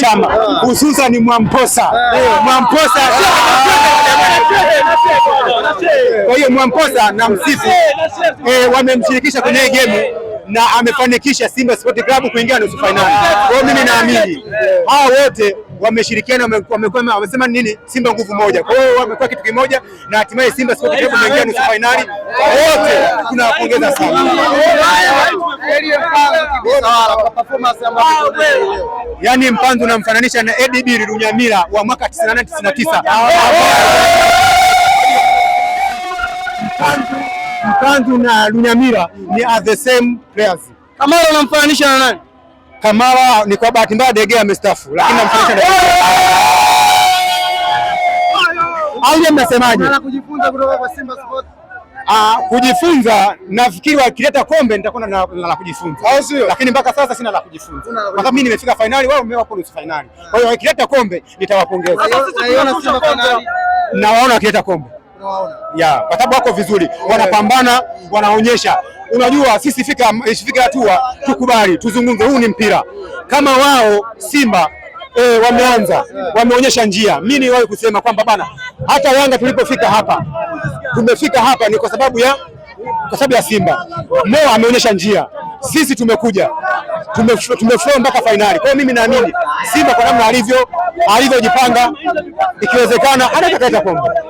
chama ah. hususani Mwamposa. Ah. Eh, Mwamposa, ah. kwa hiyo Mwamposa na Msisi eh, wamemshirikisha kwenye hii game na amefanikisha Simba Sport Club kuingia nusu fainali. Kwa hiyo mimi naamini hawa wote wameshirikiana, wamekuwa wamesema nini, Simba nguvu moja. Kwa hiyo wamekuwa kitu kimoja na hatimaye Simba Sport Club imeingia nusu fainali. Wote tunawapongeza sana. Yaani Mpanzu unamfananisha na Edib Runyamira wa mwaka 98 99. Mpanzu na Runyamira ni are the same players. Kamara unamfananisha na nani? Kamara ni kwa bahati mbaya Degea amestaafu, lakini namfananisha na au mnasemaje? Kujifunza kutoka kwa Simba Sports. Uh, kujifunza nafikiri wakileta kombe nitakuwa na la kujifunza, ah, lakini mpaka sasa sina la kujifunza kwa sababu mimi nimefika fainali, wao wamewako nusu finali. Kwa hiyo wakileta kombe nitawapongeza, na waona wakileta kombe ya kwa sababu wako vizuri, wanapambana, wanaonyesha. Unajua sisi fika ishifika hatua, tukubali, tuzungumze, huu ni mpira. Kama wao Simba E, wameanza wameonyesha njia. Mimi niwahi kusema kwamba bana, hata Yanga tulipofika hapa tumefika hapa ni kwa sababu ya kwa sababu ya Simba. Mo ameonyesha njia, sisi tumekuja tumeflow mpaka fainali. Kwa hiyo mimi naamini Simba kwa namna alivyo alivyojipanga, ikiwezekana anataka kombe.